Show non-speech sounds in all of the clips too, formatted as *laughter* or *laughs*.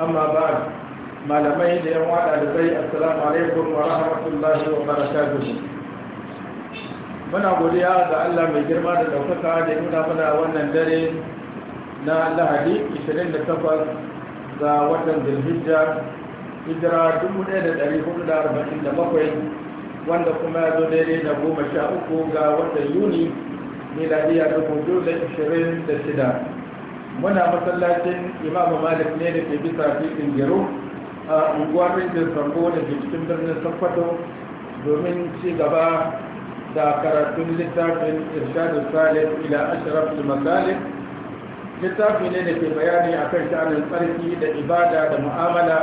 amma ba malamai da yan wada da zai assalamu alaikum wa rahmatullahi wa barakatuh muna godiya ga Allah mai girma da daukaka da nuna mana wannan dare na Lahadi 28 ga watan Zulhijja hijira 1447 wanda kuma ya zo daidai da goma sha uku ga watan Yuni miladiya 2026 muna masallacin imam malik ne da ke bisa fitin gero a unguwar rijin sambo da ke cikin birnin sanfato domin ci gaba da karatun littafin irshadu salif ila ashraf su masalih littafi ne da ke bayani a kan sha'anin tsarki da ibada da mu'amala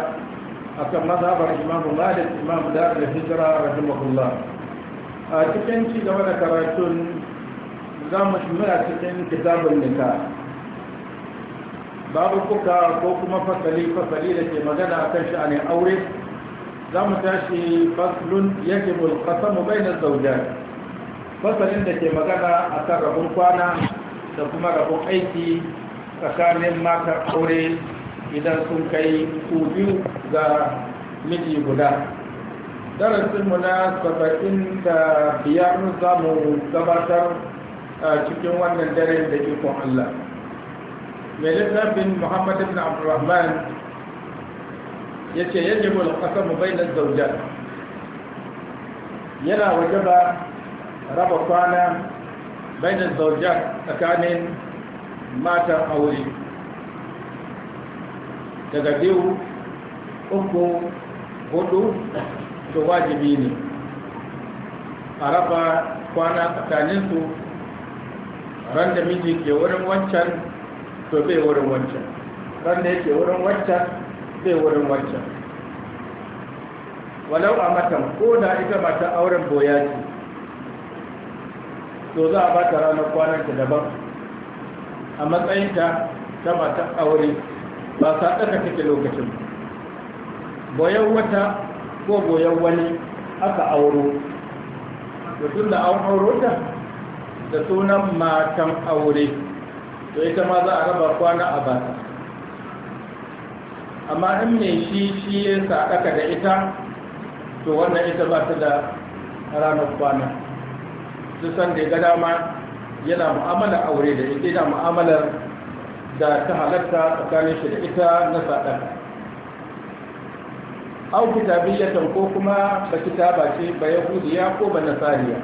akan mazhabar Imam malik Imam da da hijira rahimahullah a cikin ci gaba da karatun za mu cikin kitabun nika babu kuka ko kuma fasali fasali da ke magana a kan sha'anin aure za mu tashi faslun yake mulkasamu bai na zaujar fasalin da ke magana a kan rabin kwana da kuma rabin aiki tsakanin matar aure idan sun kai kubi ga miji guda darasinmu na saba'in da biyar za mu gabatar cikin wannan dare da ikon Allah mai littafin muhammad ibn abdurrahman ya ce yadda mul kasamu bainar zaujar yana waje ba raba kwana bainar zaujar tsakanin matan aure daga biyu uku hudu to wajibi ne a raba kwana tsakaninsu ran miji ke wurin wancan to bai wurin wancan wanda yake wurin wancan bai wurin wancan walau a matan ko da ita mata auren boya ce to za a ba ta ranar kwananta daban a matsayinta ta mata aure ba sa ɗaka take lokacin boyan wata ko boyan wani aka auro da tun da an auro ta da sunan matan aure to ita ma za a raba kwana a ba amma in mai shi shi ya sadaka da ita to wannan ita ba ta da ranar kwana su san da ga dama yana mu'amala aure da ita yana mu'amalar da ta halatta tsakanin shi da ita na sadaka au kitabiyyatan ko kuma ba kitaba ce ba yahudiya ko ba nasariya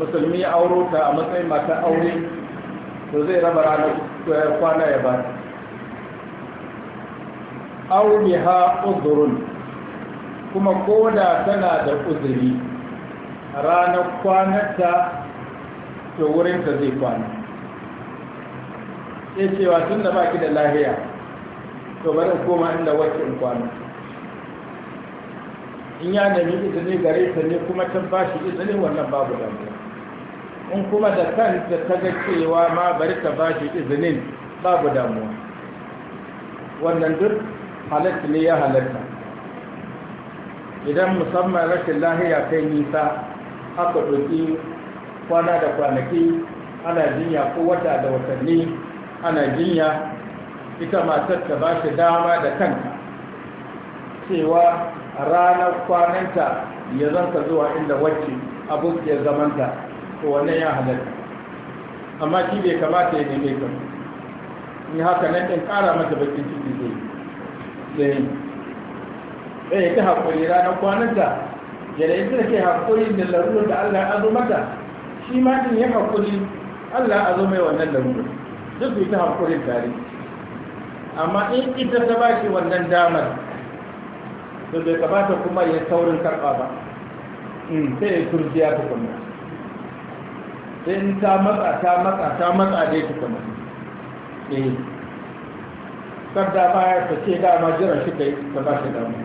musulmi ya auro ta a matsayin mata aure to zai raba ranar kwana ya ba biha uzurun kuma koda tana da uzuri ranar kwanarta to wurinta zai kwana Sai cewa tun da baki da lahiya to bari koma inda wacce in kwana in ya nemi izini gare ta ne kuma ta bashi izini wannan babu damuwa in kuma da kanta ta ga cewa ma bari ta ba shi izinin babu damuwa wannan duk halatta ne ya halatta idan musamman rashin lahiya kai nisa aka ɗauki kwana da kwanaki ana jinya ko wata da watanni ana jinya ita matar ta ba shi dama da kanta cewa ranar kwananta ya zanka zuwa inda wacce abokiyar zamanta to wannan ya halatta amma shi bai kamata ya neme ka ni haka nan ɗin ƙara mata bakin ciki zai zai sai ya ta haƙuri ranar kwananta da da ita ke haƙuri da larurar da Allah ya azo mata shi ma din ya haƙuri Allah ya azo mai wannan larurar duk su ta haƙuri tare amma in ita ta ba shi wannan damar to bai kamata kuma ya saurin karɓa ba hmm, sai ya turjiya ta kuma sai in ta matsa ta matsa ta matsa dai ta mutu eh kar da baya ta ce dama jiran shi kai ta ba shi dama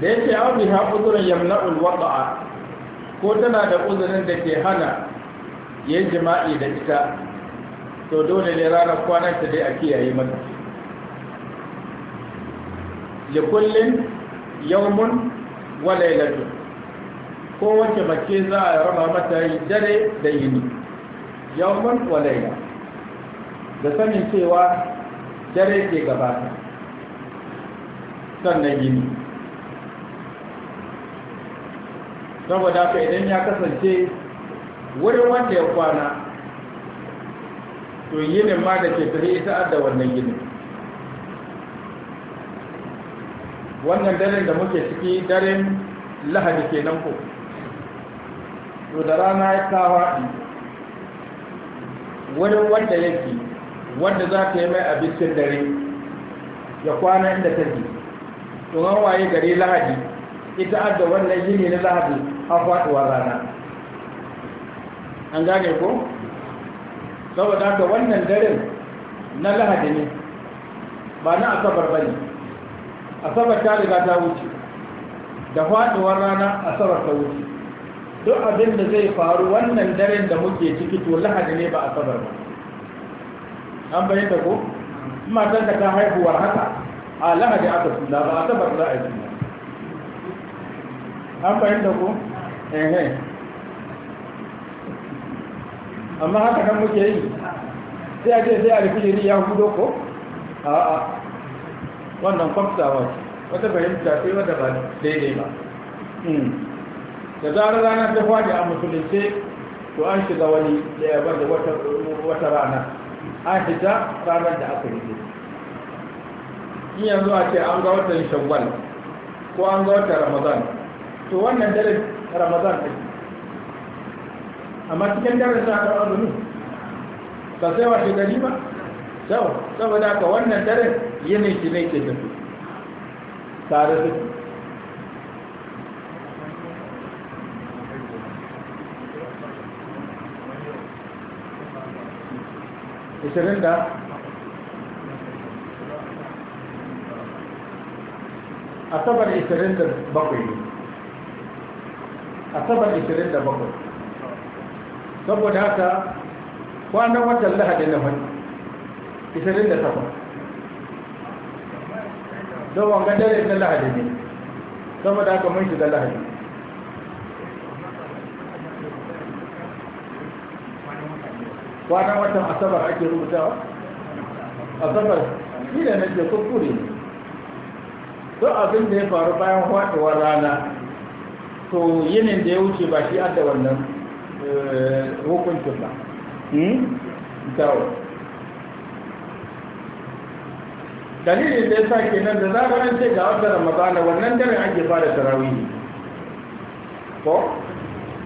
da yake an ha uzurin yamna'ul wada'a ko tana da uzurin da ke hana yin jima'i da ita to dole ne ranar kwanan ta dai a kiyaye mata likullin yawmun wa lailatun kowace mace za a raba mata dare da yini yawmun wa laila da sanin cewa dare ke gabata sannan yini saboda ka idan ya kasance wurin wanda ya kwana to yinin ma da ke tare ita da wannan yinin wannan daren da muke ciki daren lahadi kenan ko to da rana ya kawa wani wanda yake wanda za ta yi mai abincin dare ya kwana inda ta ji to an waye gari lahadi ita adda wannan yini na lahadi a faɗuwa rana an gane ko saboda haka wannan daren na lahadi ne ba na asabar ba ne asabar ta riga ta wuce da faduwar rana asabar ta wuce duk abin da zai faru wannan daren da muke ciki to lahadi ne ba asabar ba an bayyanta ko matan da ta haihuwar haka a lahadi aka suna ba asabar za a yi suna an bayyanta ko ehe amma haka kan muke yi sai a ce sai a rikijiri ya hudo ko a'a wannan kwamsawa wata fahimta sai wata ba daidai ba hmm. da zarar rana ta faɗi a musulunce to an shiga wani da ya bar da wata rana an shiga ranar da aka yi in yanzu a ce an ga watan shawwal ko an ga watan ramadan to wannan dare ramadan ɗin amma cikin dare sa ka azumi ka sai wa shigari ba sau saboda ka wannan dare yinin shi ne ke tafi tare da ishirin da asabar ishirin da bakwai ne asabar ishirin da bakwai saboda haka kwanan watan lahadi na wani ishirin da takwas don wanga dare na lahadi ne da haka mun da lahadi kwanan watan asabar ake rubutawa asabar shi da nake kuskure ne don abin da ya faru bayan faɗuwar rana to yinin da ya wuce ba shi adda wannan eh, hukuncin ba hmm? dawo dalilin da ya sa ke nan da zaran sai ga wata ramadana wannan dare ake fara tarawih ko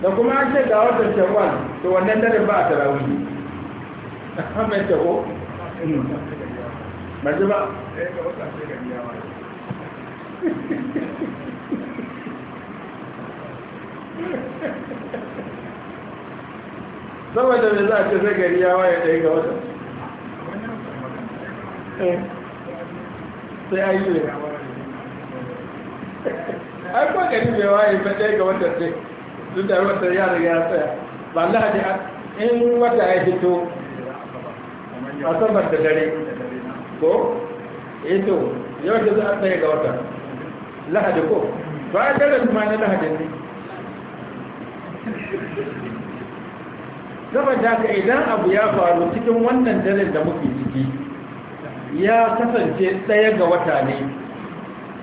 da kuma an ce ga wata shawwal to wannan dare ba a tarawih amma ta ko ba ba saboda da za a ce sai gari ya waye ɗaya ga wata eh. sai an yi ne ai ba gari mai waye ba ɗaya ga wanda sai duk da wata yara ya tsaya ba lahadi in wata ya fito asabar da dare ko eto eh yau da za a tsaye ga wata lahadi ko ba a daren ma na lahadin ne saboda haka idan abu ya faru cikin wannan daren da muke ciki ya kasance ɗaya ga wata ne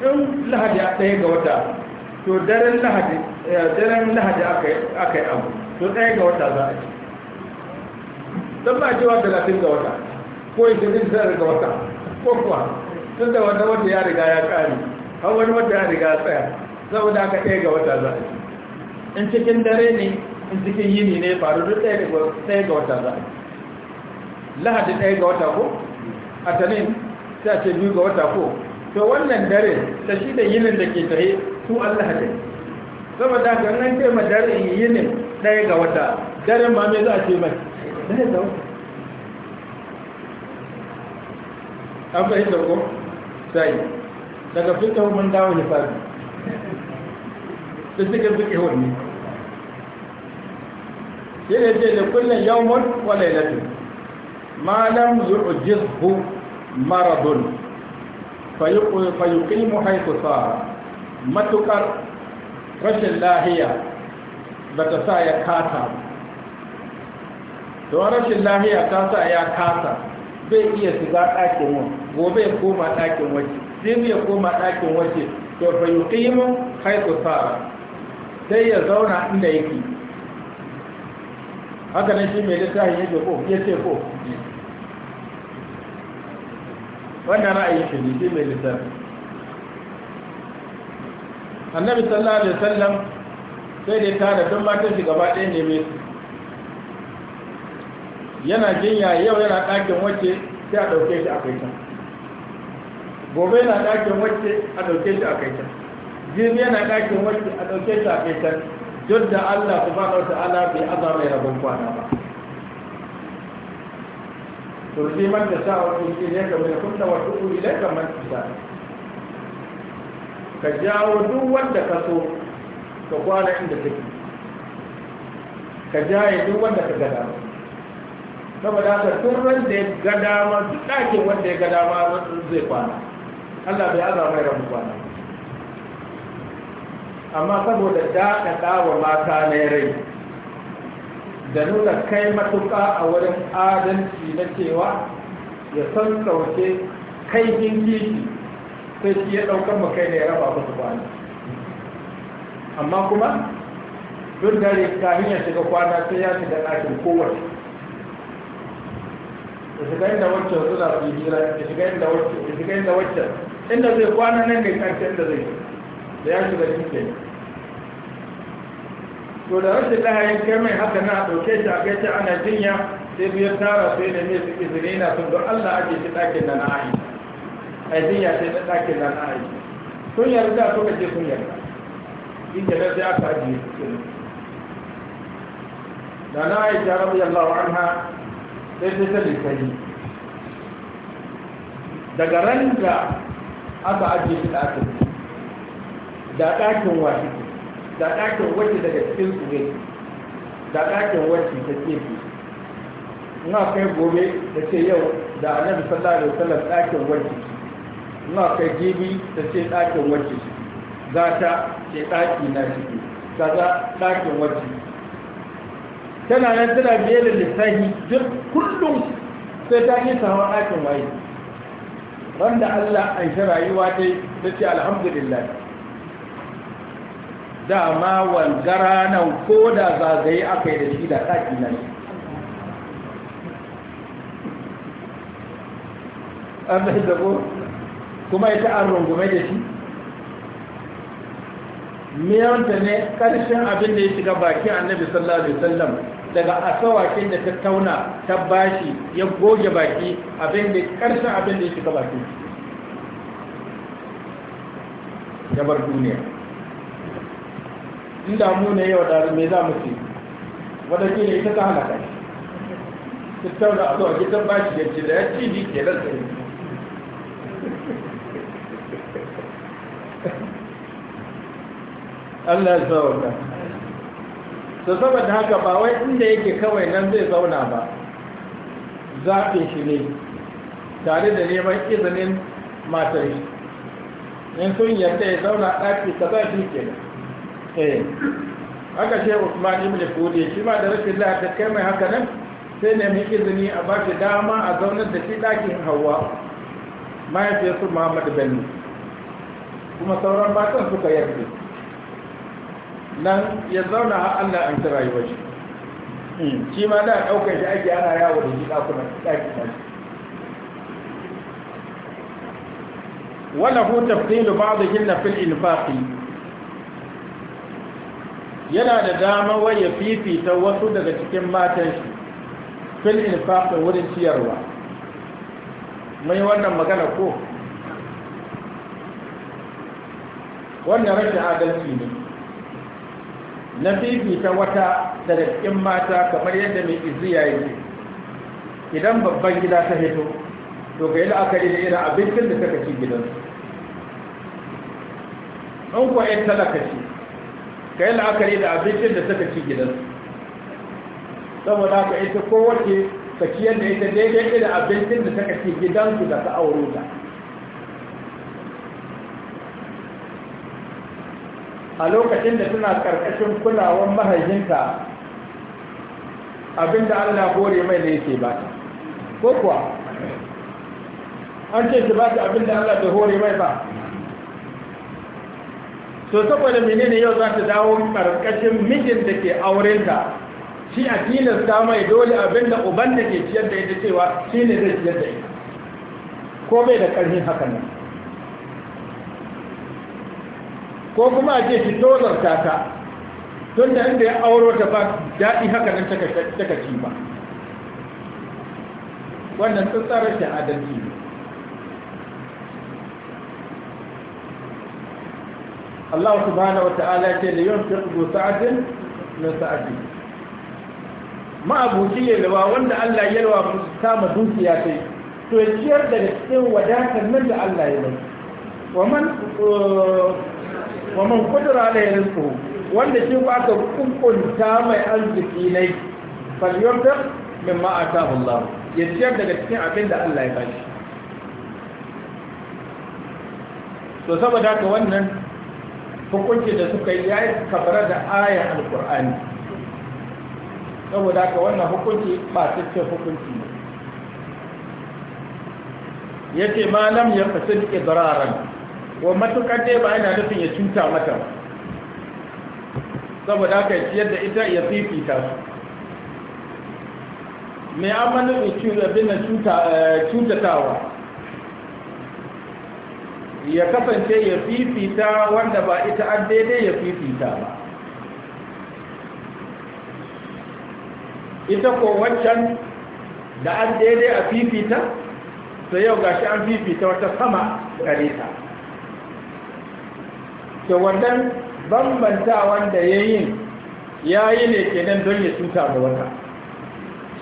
in lahadi a ɗaya ga wata to daren lahadi eh, aka yi abu to ɗaya ga wata za a ci don ba cewa talatin ga wata ko ishirin tara ga wata ko kuwa tun da wata wata ya riga ya ƙari har wani wata ya riga ya tsaya saboda aka ɗaya ga wata za a ci in cikin dare ne in cikin yini ne faru duk ɗaya ga wata za a ci lahadi ɗaya ga wata ko a tanin sai ce biyu ga wata ko to wannan dare ta shi da yinin da ke tare su Allah ne saboda ga nan kai ma dare yinin ɗaya ga wata daren ma me za a ce mai ɗaya ga wata an fahimta ko sai daga fitahu mun dawo ne fari da suka zuke wani shi ne ce da kullum yawon wa lailatun ma lam yu'jizhu maradun fayuqimu haythu sara matuƙar rashin lahiya ba bata sa ya kasa don rashin lahiya ta sa ya kasa bai iya shiga ɗakin wani gobe ya koma ɗakin waje zai ya koma ɗakin waje to fayuqimu haythu sara sai ya zauna inda yake haka nan shi mai littafin yake ko yace ko wanda ra'ayin shi ne mai littafi annabi sallallahu alaihi wasallam sai dai tare don matan shi gaba ɗaya ne mai yana jinya yau yana ɗakin wacce sai a ɗauke shi a kai gobe yana ɗakin wacce a ɗauke shi a kai can jirgin yana ɗakin wacce a ɗauke shi a kai duk da allah subhanahu wa ta'ala bai azama mai rabon kwana ba turjiman da sa wa turki ne ga mai kunna wa tuku ilai ga man fita ka jawo duk wanda ka so ka kwana inda take ka jaye duk wanda ka gada saboda ka turran da ya gada ma duk ɗakin wanda ya gada ma zai kwana allah bai aza mai ramu kwana amma saboda daɗaɗa wa mata na rai da nuna kai matuƙa a wurin adalci na cewa ya san sauke kaifin kishi sai shi ya ɗaukar mu kai ne ya raba ku kwana amma kuma duk dare kafin ya shiga kwana sai ya shiga ɗakin kowace ya shiga inda wacce suna su hira ya shiga inda wacce ya shiga inda wacce inda zai kwana nan ga ƙarshen da zai da ya shiga cikin to da rashin lahayin kai mai haka na ɗauke shi a kai ta ana jinya sai biyar tara sai da ne suke zane na sun don allah ake shi ɗakin da na ayi a jinya sai na ɗakin da na ayi sun yarda suka je sun yarda inda na sai aka ajiye su da na ayi ta rabu yallahu anha sai sai ta lissahi daga ran da aka ajiye shi ɗakin da ɗakin wa da ɗakin wacce daga cikin su ne da ɗakin wacce ta kefi na kai gobe da ce yau da annabi sallallahu alaihi wasallam ɗakin wacce na kai jibi da ce ɗakin wacce ta ce ɗaki na ciki kaza ɗakin wacce tana nan tana biye da lissahi duk kullum sai ta yi sawa ɗakin waye wanda Allah an shi rayuwa yi ta ce alhamdulillah dama walgara nan ko da zagaye aka yi da shi da ɗaki nan shi an bai zago kuma ita an rungume da shi miyanta ne ƙarshen abin da ya shiga baki annabi sallallahu alaihi wasallam daga asawakin da ta tauna ta bashi ya goge baki abin da ƙarshen abin da ya shiga baki ya bar duniya inda mu ne yau da me za mu ce wadda ke ita ta halaka ta tauna a zuwa gidan bashi shi yanci da ya ci ji ke nan sai Allah ya zauna to saboda haka ba wai inda yake kawai nan zai zauna ba zaɓe shi ne tare da neman izinin matar shi in sun yarda ya zauna ɗaki ka za shi kenan eh haka ce Usman ibn Fudi shi ma da rashin lafiya kai mai haka nan sai ne mai izini a ba shi dama a zaunar da shi ɗakin Hawwa mahaifiyarsu Muhammad Bello kuma sauran matan suka yarda nan ya zauna har Allah an kira yi waje shi ma da ɗaukar shi ake ana yawo da shi ɗakunan ɗakin nashi wala hu tafsilu na fil infaqi yana da dama wai ya fifita wasu daga cikin matan shi fil infaq wurin ciyarwa mai wannan magana ko wannan rashin adalci ne na fifita wata daga cikin mata kamar yadda mai iziya yi. idan babban gida ta hito to ga yi la'akari da irin abincin da suka ci gidansu in kuwa 'yan talaka ka yi la'akari da abincin da suka ci gidansu saboda ka ita kowace ka ciyar da ita daidai da abincin da suka ci gidansu da ka auro a lokacin da suna karkashin kulawar mahajinta, abinda allah kore mai da yake ba ko kuwa an ce shi ba ta abinda allah da hore mai ba to saboda menene yau za ta dawo karkashin mijin da ke auren ta shi a tilasta mai dole abin da uban da ke ciyar da ita cewa shi ne zai ciyar da ita ko bai da karfin hakan nan ko kuma a ce shi tozar ta tun da inda ya auro ta ba daɗi haka nan taka ci ba wannan tsarar shi adalci Allah subhanahu wa ta'ala ce da yawan fiƙo sa'adin na sa'adi ma'abuci yalwa wanda Allah yalwa ku kama dukiya sai to ciyar da cikin wadatar nan da Allah ya bai Wa man kudura da ya rinsu wanda shi ba aka kunkunta mai arziki ne falyonta min ma'ata Allah ya ciyar daga cikin abin da Allah ya bashi to saboda ka wannan hukunci da suka yi ya yi kabara da ayan alkur'ani saboda ka wannan hukunci ba ce hukunci ne ya ce malam ya fasi da ibararan wa matukar dai ba yana nufin ya cuta mata saboda ka ya yadda ita ya fifita su mai amma nufin cuta eh, tawa ya kasance ya fifita wanda ba ita an daidai ya fifita ba ita ko wancan da an daidai a fifita sai yau gashi an fifita wata sama gare ta to wannan bambanta wanda ya yi ne kenan don ya tuta ba wata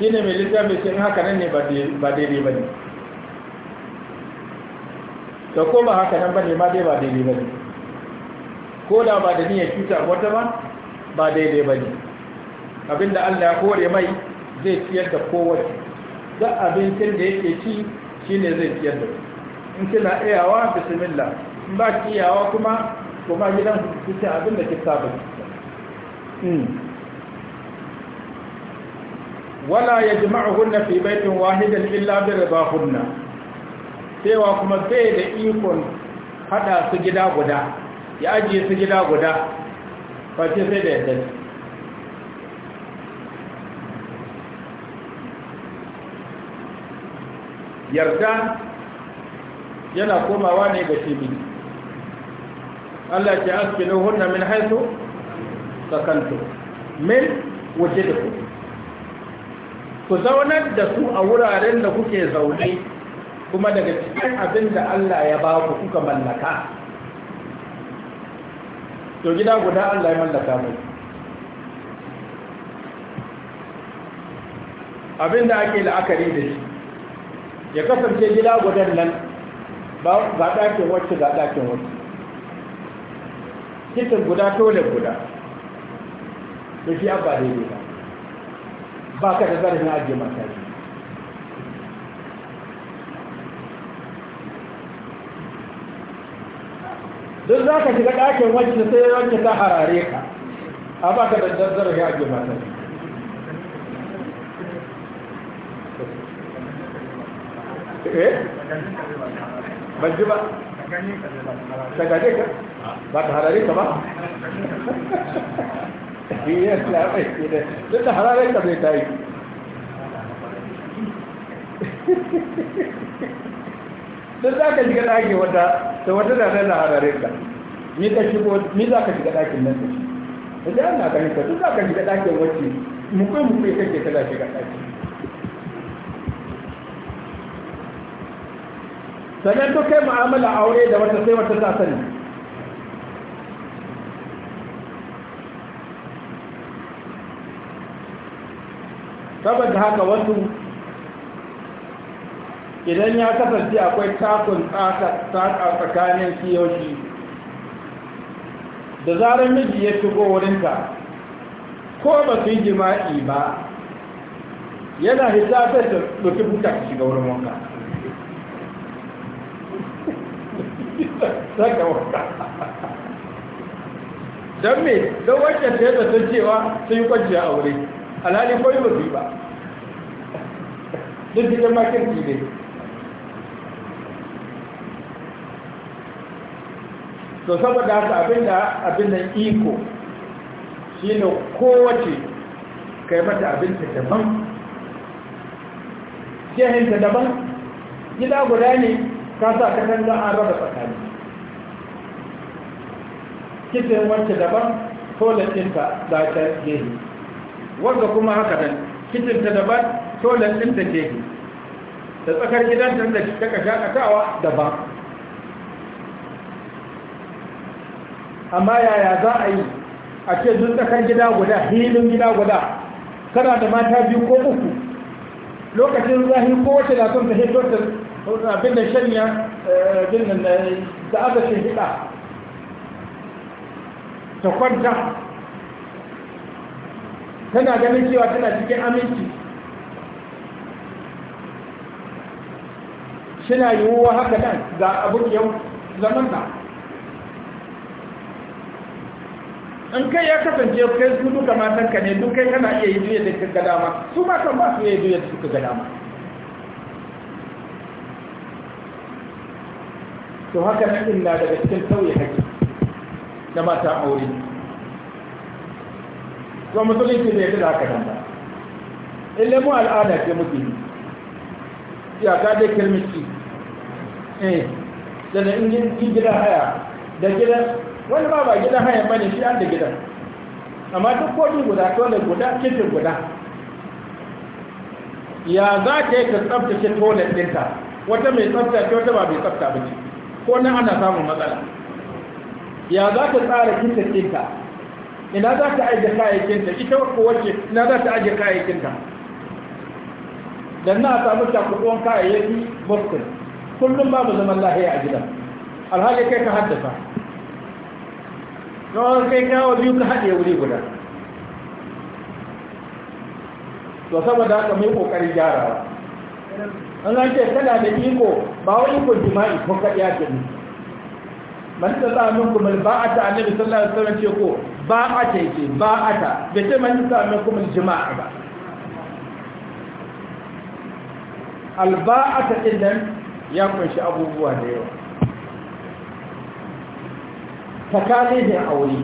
shi ne mai littafin haka nan ne ba daidai ba ne da koma haka nan bane ma dai ba daidai ba ne. ko da ba da niyyar cuta wata ba ba daidai ba ne. abinda Allah ya kore mai zai ciyar da kowace abin abincin da yake ci shine zai ciyar da in kina iyawa bismillah in ba ki iyawa kuma kuma gidan ku ci abin da ki saba hmm. wala yajma'uhunna fi baitin wahidin illa bi ridahunna cewa kuma bai da ikon hada su gida guda ya ajiye su gida guda face sai da yadda yarda yana komawa ne ga shi Allah ce askinu hunna min haitu sakantu min waje da ku ku zaunar da su a wuraren da kuke zaune kuma daga cikin abin da Allah ya ba ku kuka mallaka to gida guda Allah ya mallaka mai abin da ake la'akari da shi ya kasance gida gudan nan ba ga ɗakin wacce ga ɗakin wacce kitin guda tole guda da shi abba daidai ba ba ka da zarafin ajiye mataki duk za ka shiga ɗakin wanki sai wanki ta harare ka a ba ka da dazzara ya ake mata eh ban ji ba ta gaje ka ba ta harare ka ba iya labai ne duk da harare ka zai ta yi sai za ka shiga ɗakin wata da wata da nan na ka ni ka shigo ni za ka shiga ɗakin nan da shi da ana ka nika duk za ka shiga ɗakin wacce mukwai mukwai kake kana shiga ɗakin sannan to kai mu'amala aure da wata sai wata ta sani saboda haka wasu idan ya kasance akwai takun tsaka tsakanin kiyoshi da zarar miji ya shigo wurinka ko ba su yi jima'i ba yana hisabar da ɗauki buka ka shiga wurin *laughs* wanka don me don wancan ta yadda sun cewa sun yi kwanciya a wuri alhali ko yi ba su yi ba *laughs* duk cikin makin ne to saboda haka abinda abin nan iko shi ne kowace kai mata abinta daban jihinta daban gida guda ne ka sa katanga an raba tsakani kitin wacce daban tolar ɗinta za ta gehe wanda kuma haka nan kitinta daban tolar ɗinta gehe da tsakar gidan da ta ka shakatawa daban amma yaya za a yi a ce duk tsakar gida guda hilin gida guda kana da mata biyu ko uku lokacin zahi ko wace na son ta hito ta abin da shanya eh, abin da aka shi hida ta kwanta tana ganin cewa tana cikin aminci shina yiwuwa haka nan ga yau zaman da in kai ya kasance kai su duka matan ka ne duk kai kana iya yi duniya da kika dama su ma kan ba su iya duniya da suka dama to haka nan illa daga cikin sauye haki na mata aure to musulunci bai yadda da haka nan ba illa mu al'ada ce muke ya ka dai kalmiki eh da in gida haya da gidan wani ba ba gidan hayan bane shi an da gidan amma duk kodin guda tole guda cikin guda ya za ta yi ka tsabtace tolet ɗinka wata mai tsabta ce wata ba mai tsabta ba ce ko nan ana samun matsala ya za ta tsara kitin ɗinka ina za ta aje kayayyakinta ita ko wacce ina za ta aje kayayyakinta dan na samu takubuwan kayayyaki boston kullum babu zaman lahiya a gidan alhali kai ka haddasa tsawon kai kawo biyu ka haɗe wuri guda to saboda haka mai kokarin gyarawa an an ce kada da iko ba wani ko jima'i ko ka iya gani man ta sa min kuma ba'ata annabi sallallahu alaihi wasallam ce ko ba'ata yake ba'ata bai ce man ta sa min kuma jima'i ba Al ba'ata idan ya kunshi abubuwa da yawa takalihin aure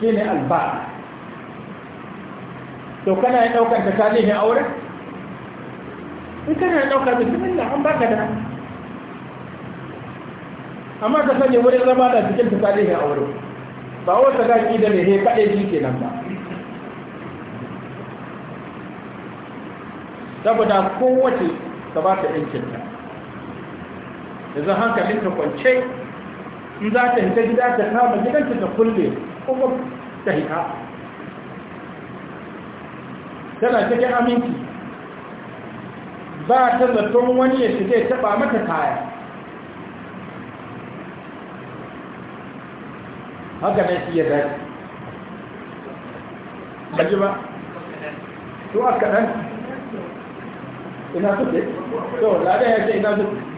shi ne alba to kana yi ɗaukar takalihin aure? in kana yi ɗaukar mutumin da an baka da amma ka sanya wurin zama da cikin takalihin aure ba wata gaki da mai kaɗai shi ke nan ba saboda kowace ta ba ta yankinta yanzu hankalinka kwance in za ta hita gida ta kama gidanta ta kulle kuma ta hita tana cikin aminci ba ta zaton wani ya shige ya taba mata kaya haka ne shi ya dace ɗaji ba to a kaɗan ina suke to lada ya ce ina suke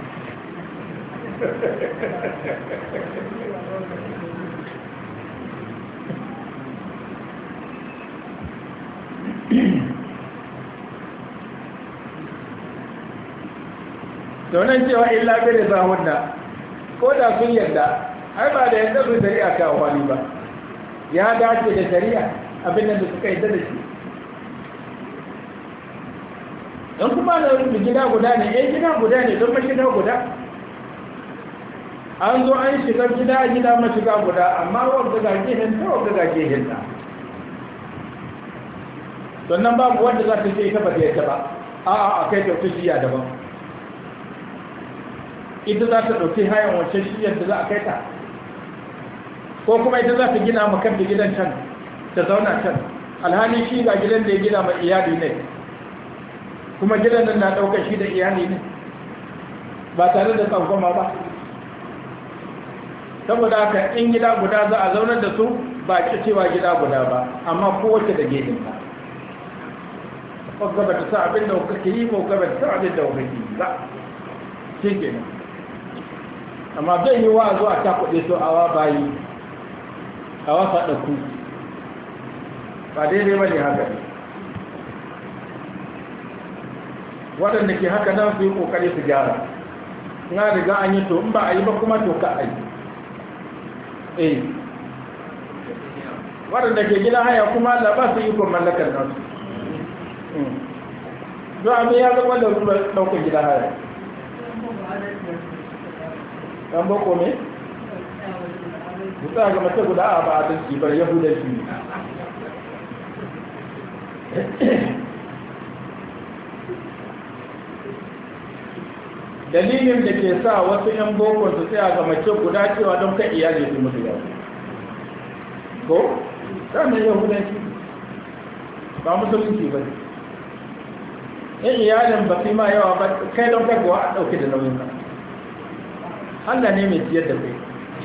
domin cewa illa da za da ko da sun yarda har ba da yadda su shari'a ta wani ba ya dace da shari'a abin da suka yarda da shi don kuma da gida guda ne ɗan eh gida guda ne don mashina guda an zo an shiga gida gida mashiga guda amma wadda ga gehen ta wadda ga gehen ta sannan babu wadda za ta ce ita ba ta yadda ba a'a a kai ta shiya daban ita za ta ɗauki hayan wace shiyar da za a kai ta ko kuma ita za ta gina ma kanta gidan can ta zauna can alhali shi ga gidan da ya gina ma iyali ne kuma gidan nan na ɗaukar shi da iyali ne ba tare da tsangwama ba saboda haka in gida guda za a zaunar da su ba ki cewa gida guda ba amma kowace da gefenta gaba ta sa abin da kuka yi ko gaba ta sa abin da kuka yi ba shi ke nan amma zai yi wa zuwa ta kuɗe so awa bayi awa faɗaku ba daidai ba ne haka ne waɗanda ke haka nan su yi ƙoƙari su gyara na riga an yi to in ba a yi ba kuma to ka a yi eh waɗanda ke gidan haya kuma Allah ba su mallakar nasu hmm. don abin ya zama da ɗaukar gidan haya ɗan ne? ga mace guda a ba a tashi bar ne dalilin da ke sa wasu 'yan bokon su tsaya ga mace guda cewa don kai iyali su mutu ya ko sannan yahudanci ba musulunci ba ne in iyalin ba fi ma yawa ba kai don kuwa a ɗauke da nauyin ka allah ne mai ciyar da kai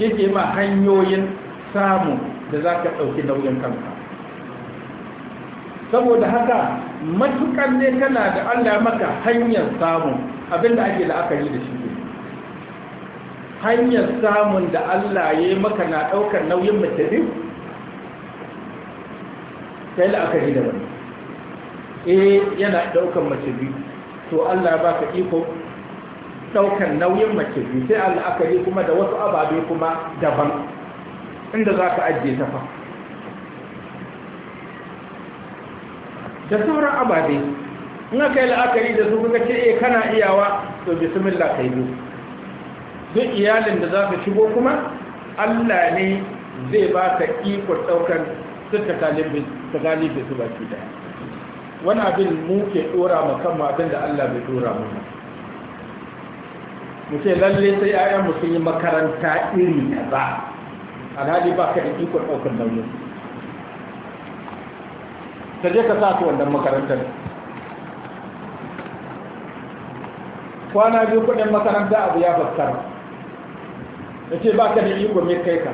ke ke ma hanyoyin samu da za ka dauki nauyin kanka saboda haka matukan ne kana da Allah maka hanyar samun abinda ake la'akari da shi hanyar samun da Allah ya yi maka na ɗaukar nauyin mutane sai la'akari da wani eh yana ɗaukar mace biyu to Allah ba ka iko ɗaukar nauyin mace biyu sai Allah aka yi kuma da wasu ababe kuma daban inda za ka ajiye ta fa da sauran ababe in aka yi la'akari da su kuka ce eh, kana iyawa to bismillah kai biyu duk iyalin da za ka shigo kuma allah ne zai ba ka ikon su ta galibin su ba daya wani abin mu ke ɗora ma kan abin da allah bai dora mu mu ce lalle sai 'ya'yan mu sun yi makaranta iri kaza alhali ba ka da ikon ɗaukan nauyin ka je ka sa su wannan makarantar kwana biyu kudin makaranta abu ya fassara. ya ce ba ka da iko mai kai ka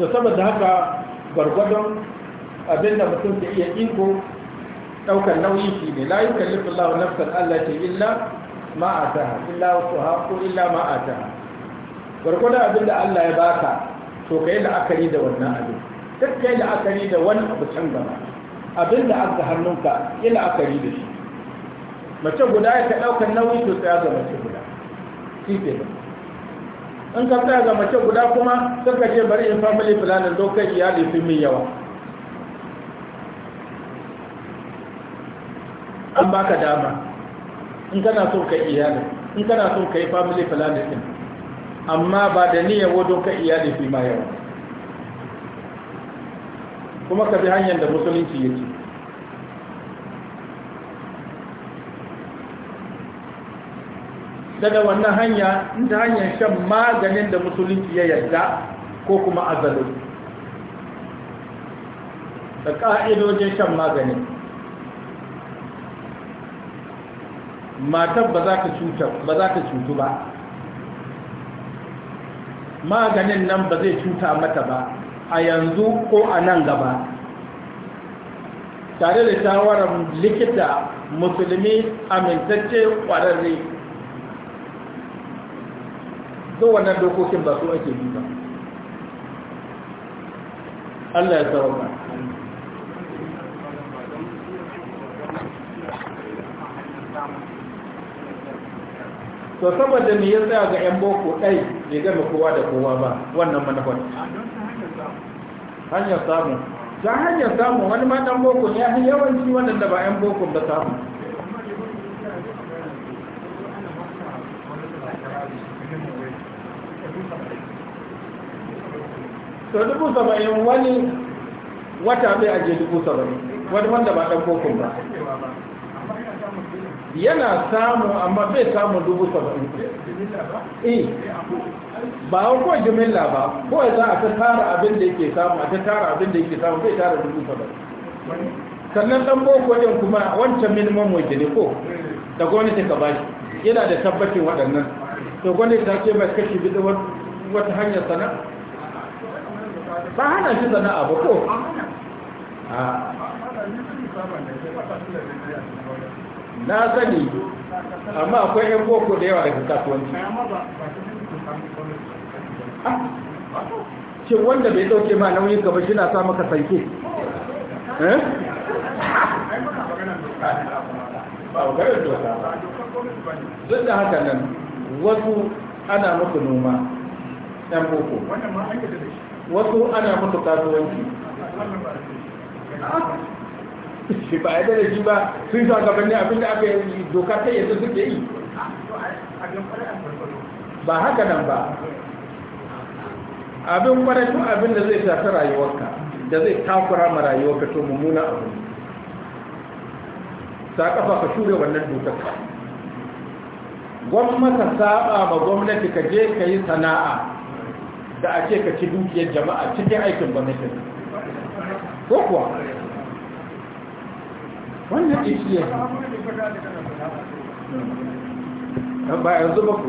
to saboda haka gwargwadon abin da mutum ta iya iko ɗaukar nauyi shi ne layu kallifin lahu nafsar Allah ce illa ma'ata illa wasu haku illa ma'ata gwargwadon abin da Allah ya baka to ka yi la'akari da wannan abin kakkai yi da wani abu can gaba abin da aka hannunka yi la'akari da shi mace guda ya ka ɗaukar nauyi to tsaya ga mace guda shi ke in ka tsaya ga mace guda kuma sun ka ce bari in family planning dokar iyali fi min yawa an baka dama in kana so ka iyali in kana so ka yi family planning amma ba da niyyar wadon ka iyali fi ma yawa kuma ka bi hanyar da musulunci yake daga wannan hanya inda hanyar shan maganin da musulunci ya yarda ko kuma azalin da ƙa'idojin shan maganin matar ba za ta cutu ba maganin nan ba zai cuta mata ba a yanzu ko a nan gaba tare da shawarar likita musulmi amintacce kwararre zuwa wannan dokokin ba su ake bi ba Allah ya sauka to saboda ne ya tsaya ga 'yan boko ɗai bai gama kowa da kowa ba wannan manufar hanyar samu ta hanyar samu wani ma dan boko ne yawanci wadanda ba 'yan boko da samu to dubu saba'in wani wata bai aje dubu saba'in wani wanda ba ɗan boko ba yana samu amma bai samu dubu saba'in eh. ba hau kawai jimilla ba kawai za a ta tara abin da yake samu a ta tara abin da yake samu zai tara dubu saba'in sannan ɗan boko ɗin kuma wancan minimum wage ne ko da gwamnati ka bashi yana da tabbacin waɗannan to gwamnati ta ce mai kashi bi wata hanyar sana'a ba hana shi sana'a ba ko na sani amma akwai 'yan boko da yawa daga kasuwanci ce wanda bai dauke ma nauyin gaba shi na sa maka sanke eh? duk da haka nan wasu ana muku noma ɗan koko, wasu ana muku kasuwanci shi ba yadda da shi ba sun sa gabanin abinda aka yi doka ta yadda suke yi ba haka nan ba abin marashin abin da zai shafi rayuwarka da zai takura ma rayuwarka to mummuna abu ta kafa ka shure wannan dutarka gwamnata saba ma gwamnati ka je ka yi sana'a da ake ka ci dukiyar jama'a cikin aikin gwamnati ko kuwa wannan ishiyar ba yanzu ba ku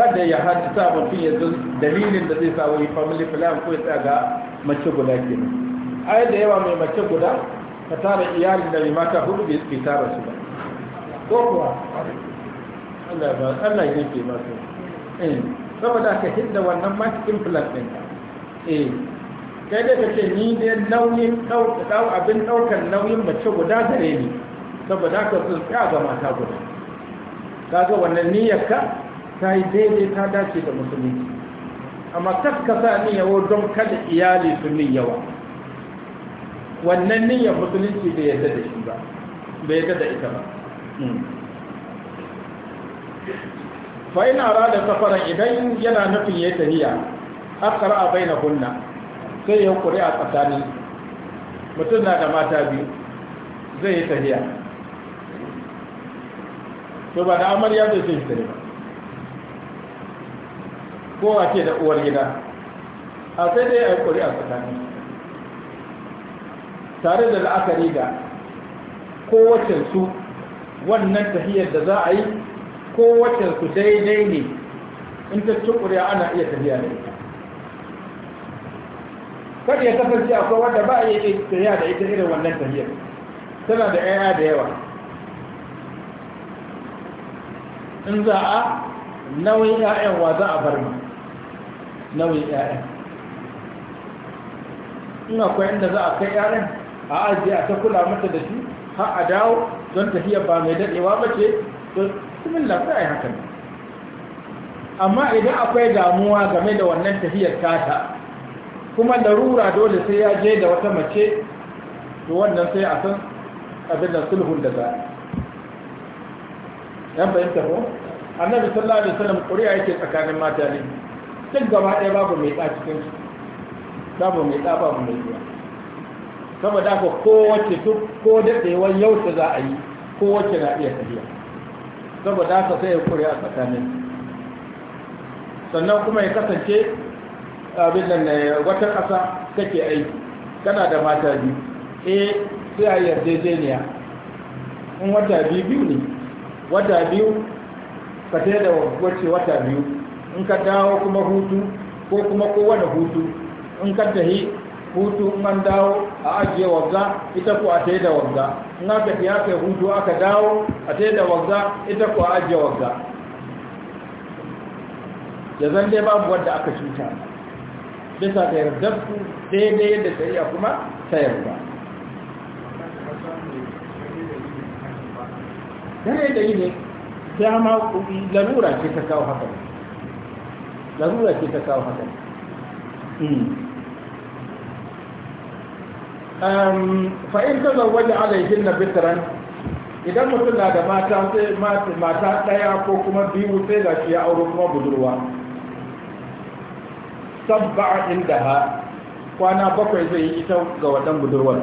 kada ya haɗu sa mutum yanzu dalilin da zai sawo wani family plan ko ya ga mace guda ke nan ai da yawa mai mace guda ka tara iyali da mai mata hudu bai suke tara su ba ko kuwa Allah ya ke masu eh, saboda ka hidda wannan macikin plan ɗin eh kai da kace ni da nauyin ɗau abin ɗaukar nauyin mace guda gare ni saboda ka sun tsaya ga mata guda kaga wannan niyyar ka ta yi daidai ta dace da musulunci amma kaska sa yawo don kada iyali su yawa, wannan niyyar musulunci bai yadda da shi ba bai yadda da ita ba hmm. fa ina da safaran idan yana nufin ya tafiya akara a bai na hunna sai ya kuri a tsakani mutum na da mata biyu zai yi tafiya to ba da amarya zai yi shi ba ko a ce da uwar gida a sai dai a yi a tsakanin tare da la'akari da kowacinsu wannan tahiyar da za a yi kowacinsu daidai ne in ta ci ƙuri'a ana iya tafiya da ita ya kasance akwai da ba a iya tafiya da ita irin wannan tahiyar tana da 'ya'ya da yawa in za a nauyin 'ya'yan wa za a bar mu nauyin ƴaƴan in akwai inda za a kai ƴaƴan a ajiye a ta kula mata da shi har a dawo don tafiya ba mai daɗewa ba ce to cikin lafiya ya haka amma idan akwai damuwa game da wannan tafiyar tata kuma larura dole sai ya je da wata mace to wannan sai a san abin da sulhun da za yan bayan annabi sallallahu alaihi wasallam ƙuri'a yake tsakanin mata ne duk gaba ɗaya babu mai ɗa cikin su babu mai ɗa babu mai zuwa, saboda ko kowace duk ko daɗewar yau ta za a yi kowace na iya tafiya saboda ka sai kuri kure a tsakanin sannan kuma ya kasance abin nan eh, wata ƙasa kake aiki kana da mata biyu eh sai a yarjejeniya in wata biyu biyu ne wata biyu ka da wacce wata biyu in ka dawo kuma hutu ko kuma kowane hutu in ka tahi hutu man dawo a ajiye wagga ita ko a tai da wagga in aka tafi aka hutu aka dawo a tai da wagga ita ko a ajiye wagga da zan dai babu wanda aka cuta bisa ga yardar ku daidai da shari'a kuma ta yarda dare da yi ne dama lalura ce ta kawo haka ne larura ce ta kawo haka hmm. fa'in ta zarwaje alaihin na bitiran idan mutum na da mata ɗaya ko kuma biyu sai ga shi ya auro kuma budurwa sabba'a inda ha kwana bakwai zai yi ita ga waɗan budurwar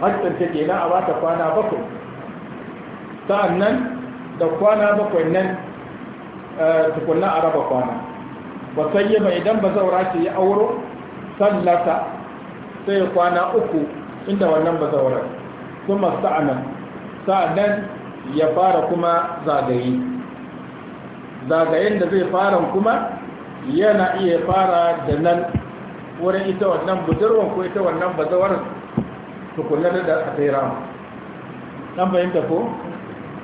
hakkin ta kenan a bata kwana bakwai sa'an nan da kwana bakwai nan eh, tukunna a raba kwana ba sayyaba idan ba zaura ke yi auro sallata sai ya kwana uku inda wannan ba zaura kuma sa'anan sa'anan ya fara kuma zagaye zagayen da zai fara kuma yana iya fara da nan wurin ita wannan budurwan ko ita wannan bazawar tukunar da a Nan ɗan fahimta ko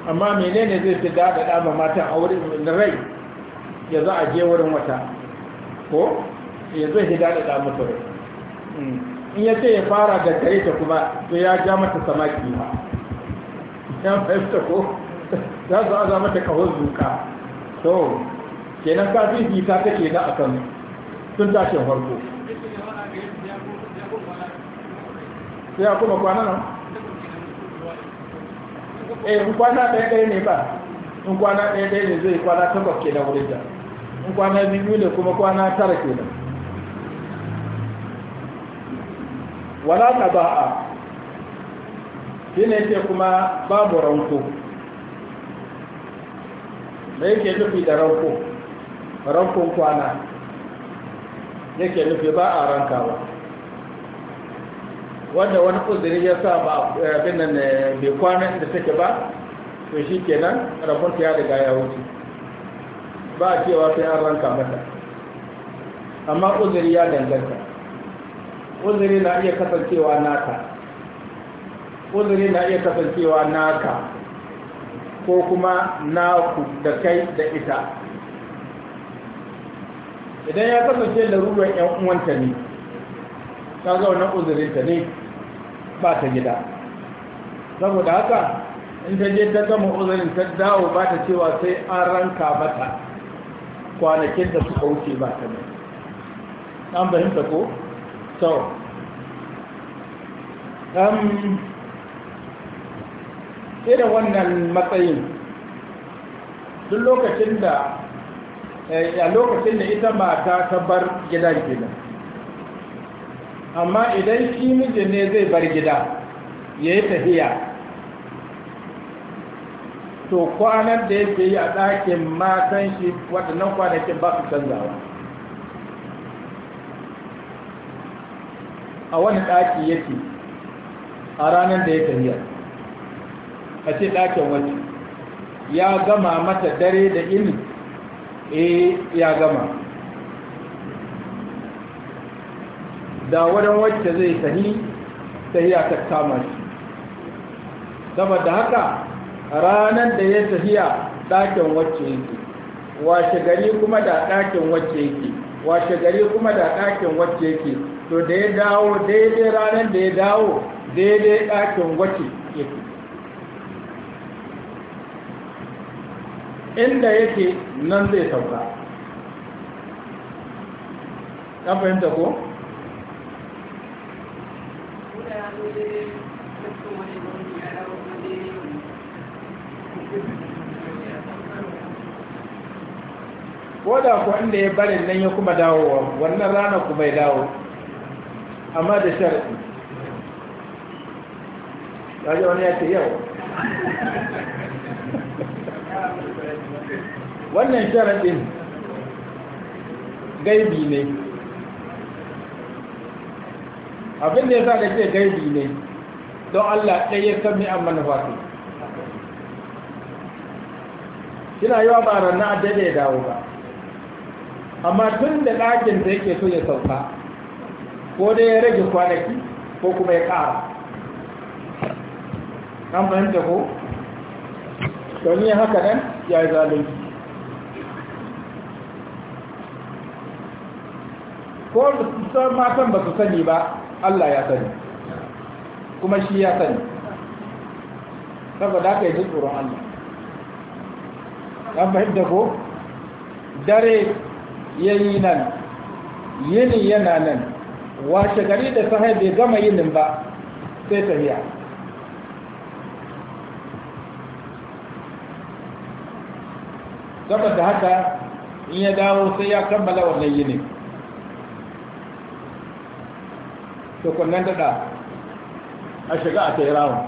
amma menene zai fi daɗaɗa ma matan aure rai ya za a je wurin wata ko ya eh, zai hida da damu da hmm. in ya ce ya fara da gare ta kuma to ya ja mata samaki ba ya fahimta ko *laughs* za su aza mata kahon zuka to kenan kafin hita take na akan tun tashin farko ya kuma kwana nan eh kwana ɗaya ɗaya ne ba in kwana ɗaya ɗaya ne zai kwana takwas ke na wurin da in kwana biyu ne kuma kwana tara nan wala a, shine yake kuma babu ranko me yake nufi da ranko rankon kwana yake nufi ba a rankawa wanda wani kuzuri ya sa ba eh, abin nan eh, bai kwana inda take ba to shi kenan rabonta ya riga ya wuce ba a cewa sai an ranka mata amma uzuri ya danganta uzuri na iya kasancewa naka uzuri na iya kasancewa naka ko kuma naku da kai da ita idan ya kasance da larurar yan uwanta ne ta uzurin uzurinta ne ba ta gida saboda haka in ta je ta zama uzurin ta dawo ba ta cewa sai an ranka mata kwanakin da suka wuce ba ta ne an fahimta ko? so um, irin wannan matsayin duk lokacin da eh, a lokacin da ita mata ta bar gida gida amma idan shi mijin ne zai bar gida ya yi tafiya to kwanan da yake yi a ɗakin matan shi waɗannan kwanakin ba su canzawa a wani ɗaki yake a ranar da ya tafiya a ce ɗakin wani ya gama mata dare da ini eh ya gama da wadon wacce zai sahi sai ya ta kama shi saboda haka ranar da ya tafiya ɗakin wacce yake washe gari kuma da ɗakin wacce yake washe gari kuma da ɗakin wacce yake to da ya dawo daidai ranar da ya dawo daidai ɗakin wacce yake inda yake nan zai sauka ta fahimta ko? Yeah, ko da ku inda ya barin nan ya kuma dawowa wannan rana ku bai dawo amma da sharɗi ɗaji wani ya ce yau wannan sharadin gaibi ne abin da ya sa da ce gaibi ne don Allah ɗaya ya sami an manufafi kina yi wa ba ranar daidai dawo ba amma tun da ɗakin da yake so ya sauka ko dai ya rage kwanaki ko kuma ya ƙara an fahimta ko don yin haka nan ya yi zalunci ko san matan ba su sani ba Allah ya sani kuma shi ya sani saboda aka yi tsoron Allah an fahimta ko dare ya yi nan yini yana nan washe gari da sahai bai gama yinin ba sai tafiya saboda haka in ya dawo sai ya kammala wannan yinin tukunan daɗa a shiga a tairawa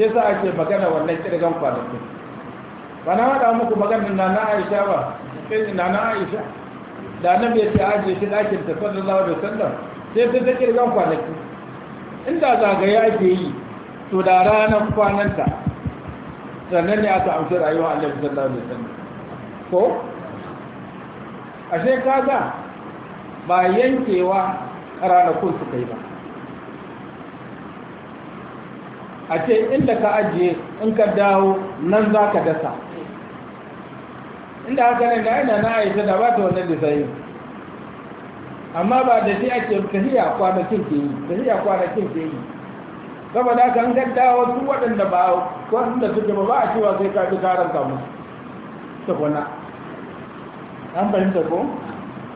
shi yasa ake magana wannan kirgan kwanaki ba na haɗa muku maganin na na aisha ba sai na na aisha da nan bai ta ajiye shi ɗakin ta sallallahu da Sallar. sai sai ta kirgan kwanaki inda zagaye ake yi to da ranar kwananta sannan ne aka amshi rayuwa lafi Sallar da Sallar. ko ashe kaga ba yankewa ranakun su kai ba a ce inda ka ajiye in ka dawo nan za ka dasa inda haka ne da aina na aisha da ba ta wannan disayin amma ba da shi ake tahiya kwanakin ke yi tahiya kwanakin ke yi da haka an dawo su waɗanda ba waɗanda suke ba ba a cewa sai ka fi karan ka musu tukuna an fahimta ko?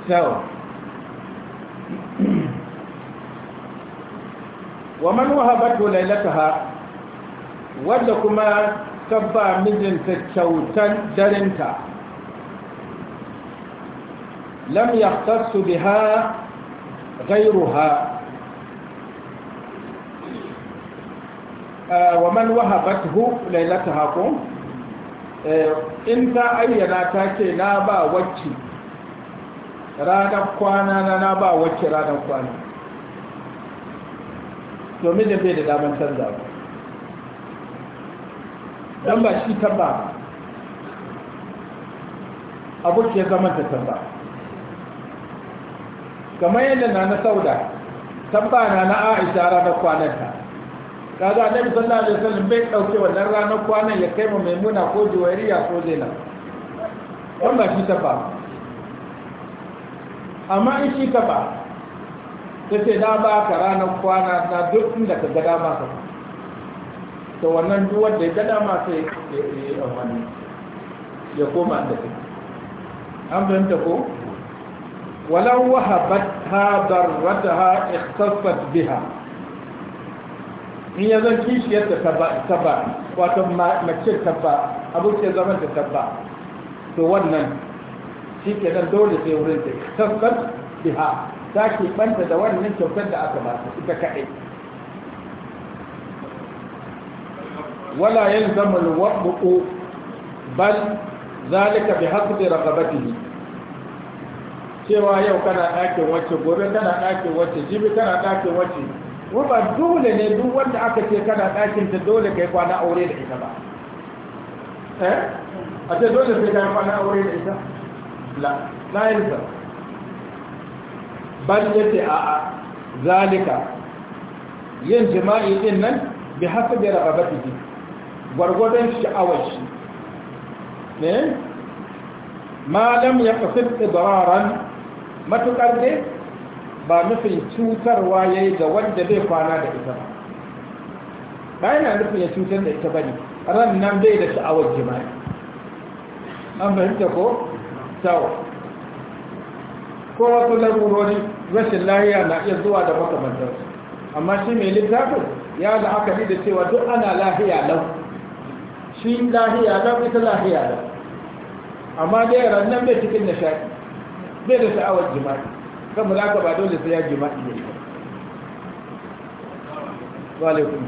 shawo wa man wahabatu lailataha wadda kuma ba mijinta kyautan darinta lam yahtassu biha ghayruha ah, wa man wahabathu lailata ko eh, in ta ayyana ta ce na ba wacce ranar kwana na na ba wacce ranar kwana domin da bai da daman canza ba don ba shi tabba abokiyar zaman ta tabba kamar yadda na na sauda tabba na na aisha ranar ta kaga annabi sallallahu alaihi wasallam bai dauke wannan ranar kwanan ya kai mu maimuna ko juwairiya ko zainab don ba shi tabba amma in shi tabba ta ce na ba ka ranar kwana na duk inda ka ga dama ka to wannan duk wanda ya ga dama sai ya yi amfani ya koma da kai an fahimta ko walau wahabat ha darrataha ikhtasat biha in ya zan kishiyar ta taba wato mace taba abokin zama ta taba to wannan shi ke nan dole sai wurin ta ikhtasat biha ta ke banta da wannan kyautar da aka ba ita kaɗai ولا يلزم الوضوء بل ذلك بحسب رغبته cewa yau kana ɗakin wacce gobe kana ɗakin wacce jibi kana ɗakin wacce ba dole ne duk wanda aka ce kana ɗakin ta dole kai kwana aure da ita ba eh a ce dole sai kai kwana aure da ita la la yanzu Ban yace a a zalika yin jima'i din nan bi hasabi jiki. gwargwadon sha'awar shi ne malam ya fasir tsibiraran matukar ne, ba nufin cutarwa ya yi ga wanda zai kwana da ita ba ba yana nufin ya cutar da ita ba ne ran nan bai da sha'awar jima'i an fahimta ko? sau ko wasu larurori rashin lahiya na iya zuwa da makamantarsu amma shi mai littafin ya la'akari da cewa duk ana lahiya lau shi lahiya nan ita lahiya nan amma dai rannan bai cikin nishadi bai da sha'awar jima'i kan mu zaka ba dole sai ya jima'i ne wa alaikum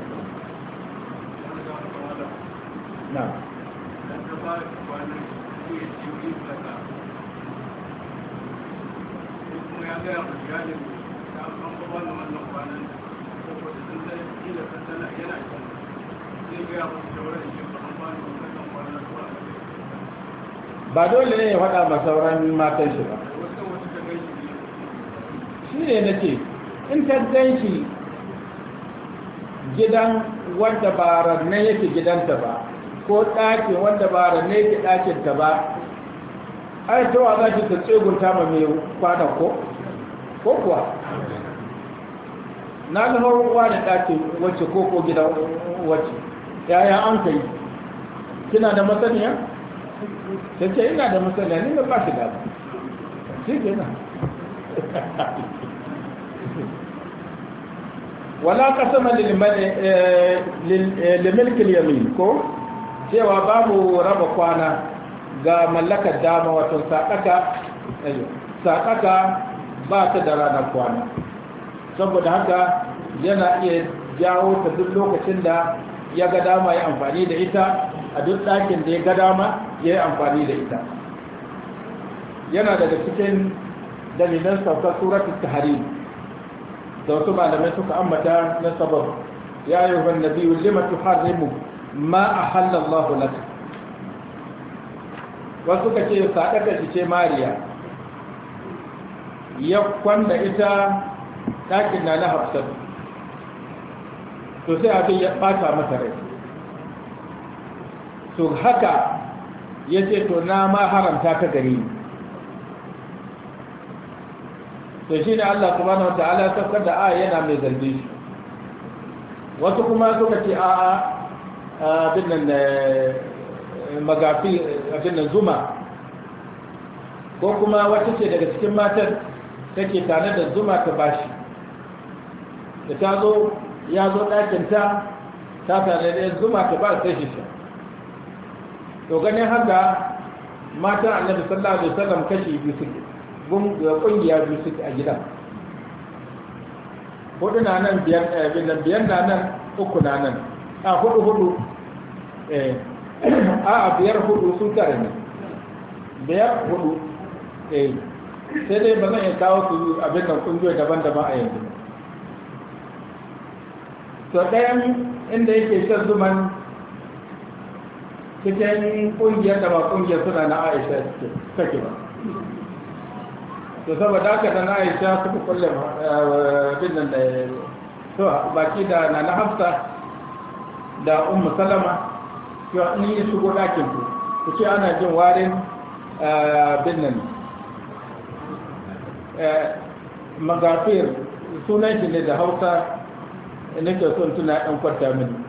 na yana ba dole ne ya faɗa ma sauran matan shi ba shi ne na ce in ta gan shi gidan wanda ba ranar yake gidanta ba ko ɗakin wanda ba ranar yake ɗakinta ba ai wa za ki ta tsegunta ma mai kwanan ko ko kuwa na ga hau da ɗakin wacce ko ko gidan wacce yaya an ka yi kina da masaniya ta ce ina da masaniya ni ba shi da shi ke na wala kasama limilkin eh, eh, yamin ko cewa babu raba kwana ga mallakar dama wato saƙaka eh, ba ta da ranar kwana saboda haka yana iya jawo ta duk lokacin da ya ga dama ya amfani da ita a duk ɗakin da ya ga dama ya yi amfani da ita yana daga cikin dalilan saukar ta tahari da wasu malamai suka ambata na sabab ya yi wa nabi lima tuharrimu ma a Allah laka wasu ka ce saɗaɗa shi ce mariya ya kwanda ita ɗakin na na hafsar to abin ya ɓata masa rai to haka ya ce to na ma haramta ka gari to shi ne Allah subhanahu wa ta'ala saukar da a yana mai zargi shi wasu kuma suka ce a abin nan eh, magafi abin nan zuma ko kuma wata ce daga cikin matan ke tare da zuma ta bashi da ta zo ya zo ɗakinta ta tare da zuma ta ba sai shi shi to ganin haka matan annabi sallallahu alaihi wasallam kashi biyu suke kungiya eh, biyu suke a gidan hudu na nan biyar ɗaya eh, biyar na nan uku na nan a hudu hudu a a biyar hudu su tare ne biyar hudu eh, sai dai ba zan iya kawo su abin nan kungiyoyi daban-daban a yanzu to ɗayan inda yake shan zuman cikin ƙungiyar da ba ƙungiyar suna na aisha take ba to saboda haka da na aisha suka kulle eh, binnan da to baki da na na hafsa da ummu salama cewa in yi shigo ɗakin ku ku ce ana jin warin eh, binnan eh, magafir sunan shi ne da hausa nake son tuna ɗan kwanta mini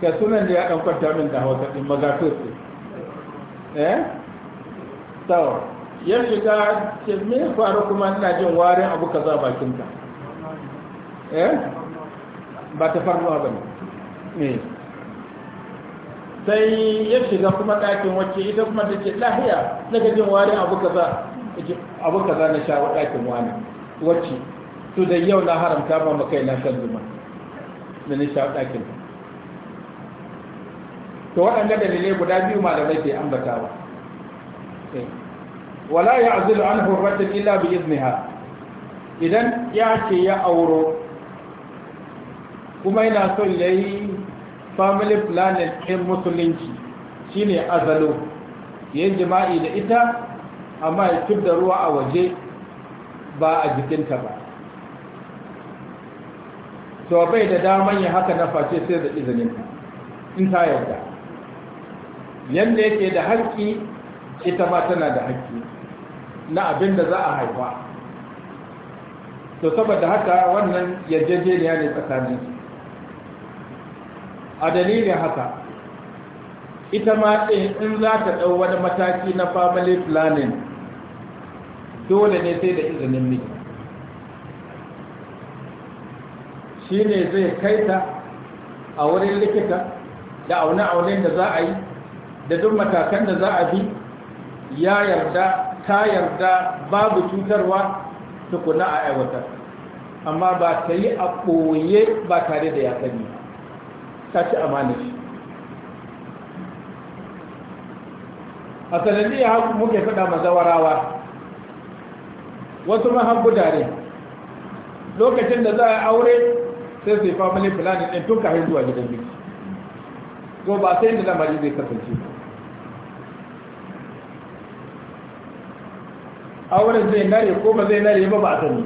ka sunan da ya ɗan kwanta min da hausa ɗin maza sosai eh tawa ya shiga ce me faru kuma ina jin warin abu ka za bakinka eh ba ta faruwa ba ne sai ya shiga kuma ɗakin wacce ita kuma ta ce lahiya daga jin warin abu kaza abu za na sha ɗakin wani wacce to da yau na haramta ba makai na shan zuma da na sha ɗakin ta to waɗanda dalilai guda biyu malamai ke ambatawa wala ya azilu an hurratin illa bi izniha idan ya ce ya auro kuma yana so ya yi family planning ɗin musulunci shine azalo ya yi jima'i da ita amma ya fi da ruwa a waje ba a jikinta ba to bai da daman ya haka na face sai da izininta in ta yarda yadda yake da haƙƙi ita ma tana da haƙƙi na abin da za a haifa to saboda haka wannan yarjejeniya ne tsakanin a dalilin haka ita ma ɗin in za ta ɗau wani mataki na family planning dole ne sai da izinin miji shi ne zai kai ta a wurin likita da aune-aunen da za a yi da duk matakan da za a bi ya yarda ta yarda babu cutarwa tukuna a aiwatar amma ba ta yi a ɓoye ba tare da ya sani ta ci amana shi a haku muke fada mazawarawa wasu mahabbuda ne lokacin da za a aure sai su yi family planning ɗin tun kahin zuwa gidan biki ko ba sai da lamari zai kasance ba auren zai nare ko ba zai nare ba ba a sani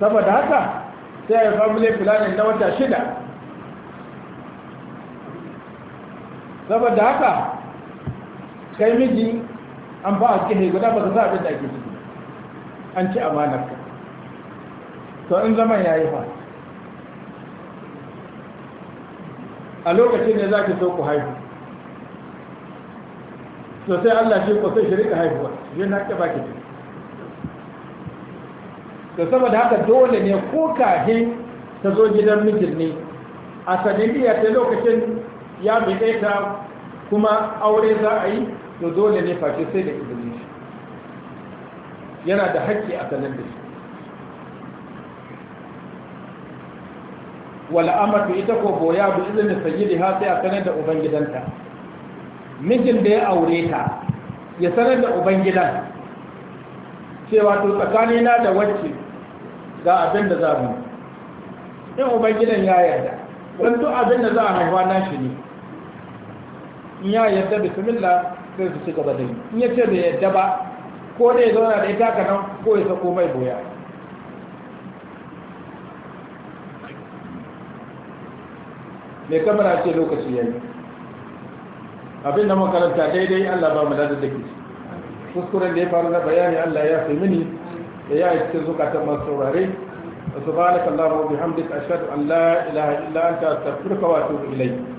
saboda haka sai ya family planning na wata shida saboda haka kai miji an ba a cikin guda ba za sa abin da ake ciki an ci amanar ka to in zaman ya yi fa a lokacin ne za ki so ku haihu Sosai allah shi ku sai shi haifuwa yi na ka ba ki ciki da saboda haka dole ne ko kafin ta zo gidan mijin ne a sanadiyar ta lokacin ya bude ta kuma aure za a yi to dole ne face sai da izinin shi yana da haƙƙi a sanar da shi wala amatu ita ko boya bi izini sayyidi ha sai a sanar da ubangidanta, mijin da ya aure ta ya sanar da ubangidan cewa to tsakanina da wacce ga abin da za mu yi. in ubangidan ya yarda don duk abin da za a haifa na shi ne in ya yarda bismillah sai su ci gaba da yi in ya ce bai yarda ba ko da ya zauna da ita ka nan ko ya sako mai boya mai kamara ce lokaci yayi abin da makaranta daidai allah ba mu da da kuskuren da ya faru na bayani allah ya fi mini da ya yi cikin zukatan masu saurare subhanakallahumma wa bihamdika ashhadu an la ilaha illa anta astaghfiruka wa atubu ilayk